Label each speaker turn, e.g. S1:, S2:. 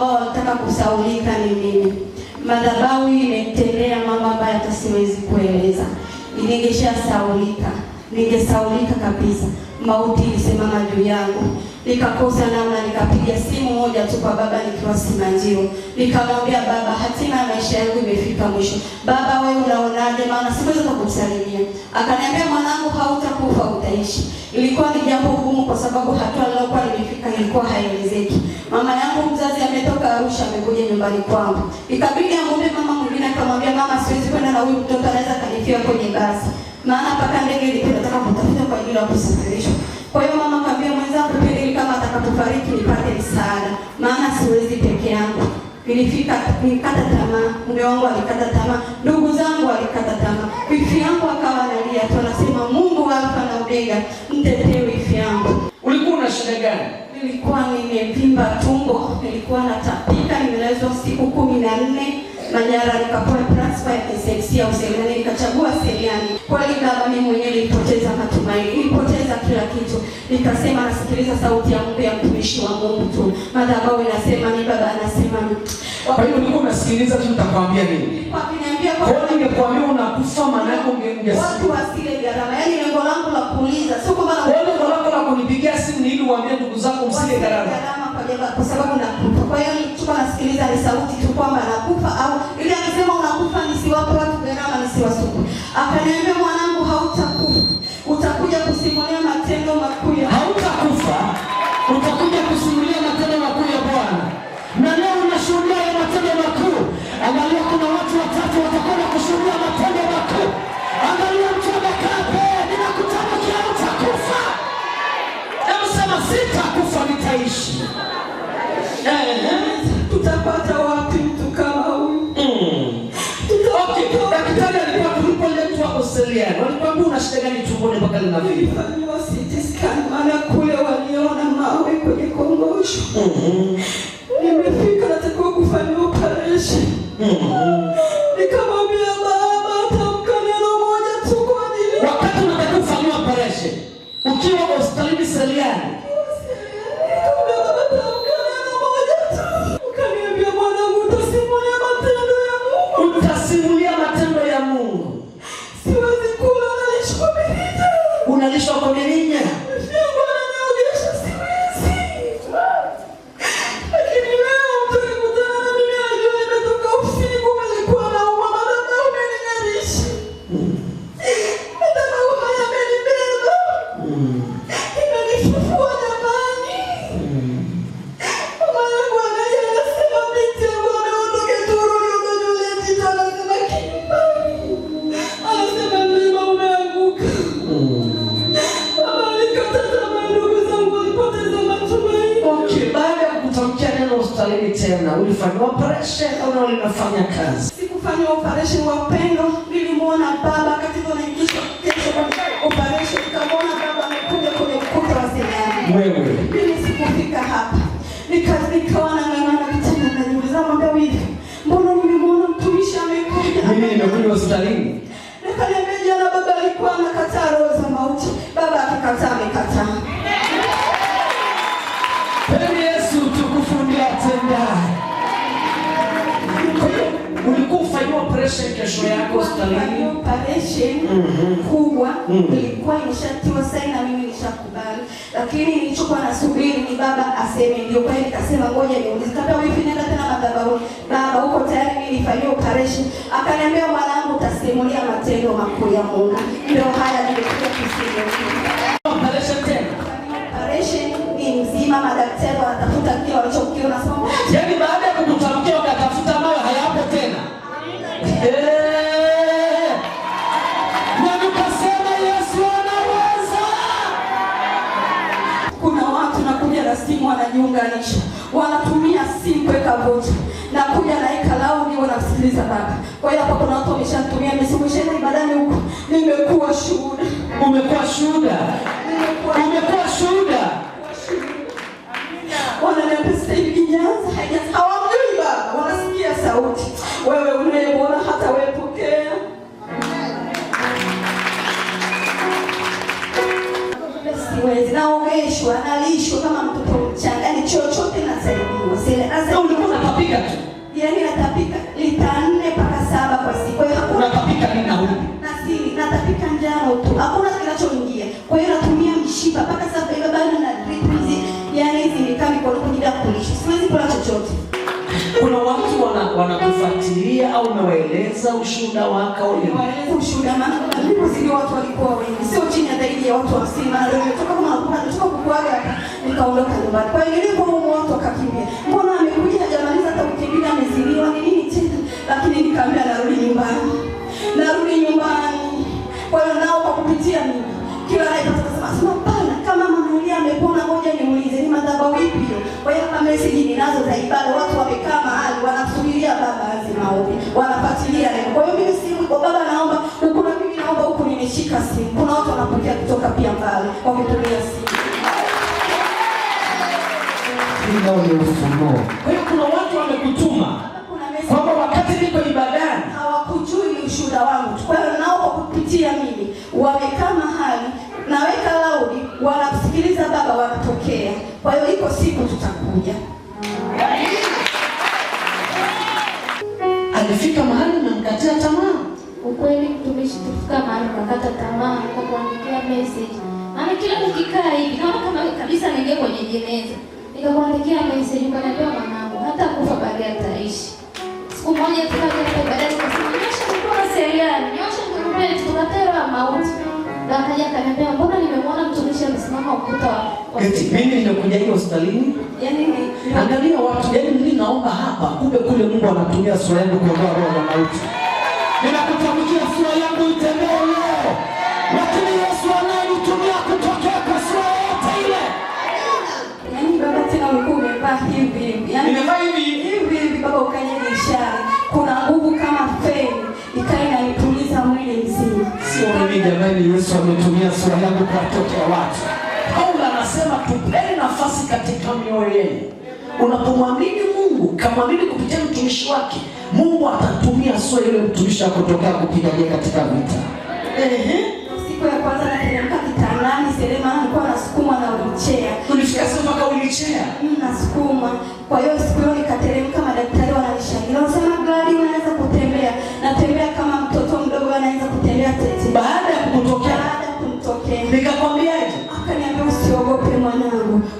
S1: ambao oh, wanataka kusaulika ni mimi. Madhabahu imetendea mambo ambayo hata siwezi kueleza. Ningeshasaulika, ningesaulika kabisa, mauti ilisimama juu yangu. Nikakosa namna, nikapiga simu moja tu kwa baba nikiwa Simanjiro, nikamwambia baba, hatima ya maisha yangu imefika mwisho. Baba wewe unaonaje? Maana siwezi kukusalimia. Akaniambia mwanangu, hautakufa utaishi. Ilikuwa ni jambo gumu, kwa sababu hatua nilokuwa nimefika ilikuwa haiwezeki. Mama yangu mzazi ametoka Arusha, amekuja nyumbani kwangu, ikabidi amwombe mama mwingine. Akamwambia mama, siwezi kwenda na huyu mtoto, anaweza kanifia kwenye basi, maana mpaka ndege ilikuwa nataka kutafuta kwa ajili ya kusafirishwa kwa hiyo mama kaambia mwenzangu, pengine kama atakapofariki nipate msaada, maana siwezi peke yangu. Nilifika nikata tamaa, mume wangu alikata tamaa, ndugu zangu alikata tamaa, wifi yangu akawa analia tu, anasema Mungu wa na Omega, mtetee wifi yangu.
S2: Ulikuwa na shida gani?
S1: Nilikuwa nimevimba tumbo, nilikuwa natapika, nimelazwa siku kumi na nne Manyara nikapoa transfer ya SX ya Useremani, nikachagua Seriani. Kweli kama mimi mwenyewe nilipoteza matumaini, nilipoteza kila kitu. Nikasema nasikiliza sauti ya Mungu ya mtumishi wa Mungu tu. Madhabahu inasema ni baba anasema
S2: Kwa hiyo nilikuwa nasikiliza tu nitakwambia nini.
S1: Kwa kuniambia kwa
S2: nini ningekwambia unakufa maana yako ungeingia.
S1: Watu wasile gharama. Yaani lengo langu la kuuliza sio kwamba
S2: lengo langu la kunipigia simu ni ili uambie ndugu zako msile gharama
S1: kwa sababu nakufa. Kwa hiyo nilikuwa nasikiliza ni sauti tu kwamba nakufa, au ile anasema unakufa, nisiwape watu gharama, nisiwasuku. Akaniambia
S2: mawasiliano, alikwambia una shida gani tumboni mpaka linafifa?
S1: kule waliona mawe kwenye kongosho.
S2: Mm-hmm.
S1: Nimefika natakiwa kufanya operation.
S2: Mm-hmm.
S1: Nikamwambia baba, tamka neno moja tu kwa ajili.
S2: Wakati unataka kufanya operation ukiwa hospitalini Seliani আপনাদের সকলেরই tena, ulifanya operation au na ulifanya kazi?
S1: Sikufanya operation wa upendo, nilimwona baba katika naingishwa kesho kwa operation, nikamwona baba amekuja kwenye ukuta wa sinema.
S2: Wewe mimi
S1: sikufika hapa, nikawa na mama ng'ang'ana kitanda, najiuliza mambo hivi, mbona nilimwona mtumishi amekuja,
S2: mimi nimekuja hospitalini?
S1: Nikaniambia jana baba alikuwa anakataa roho za mauti, baba akikataa amekataa
S2: operation
S1: mm-hmm. kubwa mm-hmm. ilikuwa imeshatiwa saini mimi nishakubali, lakini nilichokuwa nasubiri ni baba aseme ndio. Kwa hiyo nikasema ngoja niulize, kabla hivi nenda tena madhabahuni, baba huko tayari mimi nifanyia operation. Akaniambia mwanangu, utasimulia matendo makuu ya Mungu. Ndio haya nimekuja kusimulia operation ni mzima, madaktari wanatafuta kile walichokiona simu wanajiunganisha, wanatumia simu kuweka vocha na kuja na ikalau ndio wanasikiliza baba. Kwa hiyo hapa kuna watu wameshanitumia misimu, ishaenda ibadani huko, nimekuwa shuhuda,
S2: umekuwa shuhuda kueleza ushuhuda wa ule.
S1: Ushuhuda maana nilipozidi watu walikuwa wengi, sio chini ya zaidi ya watu 50. Na nilitoka kama hapo nilitoka kukuaga nikaondoka nyumbani. Kwa hiyo nilipo huko watu wakakimbia. Mbona amekuja jamani hata kukimbia amezidiwa ni nini tena? Lakini nikaambia narudi nyumbani. Narudi nyumbani. Kwa hiyo nao kwa kupitia mimi kila anayepata kusema sema pana kama mama amepona, ngoja niulize ni madhabahu ipi hiyo? Kwa hiyo hapa message ninazo za ibada watu wa
S2: nao ni ufunuo. Kwa hiyo kuna watu wamekutuma kwamba wakati niko ibadani
S1: hawakujui ni ushuhuda wangu, kwa hiyo nao kwa kupitia mimi wamekaa mahali naweka laudi, wanakusikiliza Baba, wanatokea. Kwa hiyo iko siku tutakuja.
S2: Alifika mahali namkatia tamaa.
S1: Ukweli mtumishi, tufika mahali kakata tamaa, kwa nikakuandikia message, maana kila ukikaa hivi kama kama kabisa naingia kwenye jeneza Nikamwandikia message nikaniambia, mwanangu hata kufa baadaye ataishi. Siku moja tukaja kwa baadaye tukasema nyosha mkono seriani, nyosha mkono tukapewa mauti. Na akaja akaniambia, mbona nimemwona mtumishi amesimama ukuta
S2: wa eti mimi nimekuja hiyo hospitalini? Yaani angalia watu, yaani mimi naomba hapa, kumbe kule Mungu anatumia sura yangu kuondoa roho za mauti. Ninakutamkia sura yangu itembee leo. Yaani, hivi
S1: hivi hivi Baba ukaje ishara, kuna nguvu kama feni ikae na mwili mzima.
S2: Sio mimi jamani, Yesu ametumia sura yangu kuwatokea watu. Paulo anasema tupeni nafasi katika mioyo yenu. Unapomwamini Mungu kamwamini kupitia mtumishi wake, Mungu atatumia sua ile mtumishi akutokea kupiga katika vita. siku
S1: ya kwanza nateremka mahali Selema alikuwa anasukumwa na ulichea.
S2: Tulifika sasa mpaka ulichea.
S1: Mm, Nasukumwa. Kwa hiyo siku hiyo nikateremka, madaktari wananishangilia. gari Gladi anaweza kutembea. Natembea kama mtoto mdogo anaweza kutembea tete.
S2: Baada ya kumtokea,
S1: baada ya kumtokea.
S2: Nikakwambiaje?
S1: Akaniambia usiogope mwanangu.